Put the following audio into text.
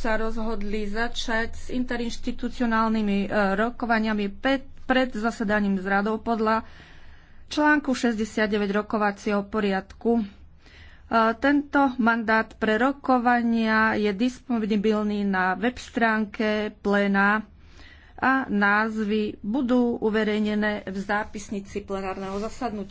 sa rozhodli začať s interinstitucionálnymi e, rokovaniami pred zasedaním z radou podľa článku 69 rokovacieho poriadku. E, tento mandát pre rokovania je disponibilný na web stránke pléna a názvy budú uverejnené v zápisnici plenárneho zasadnutia.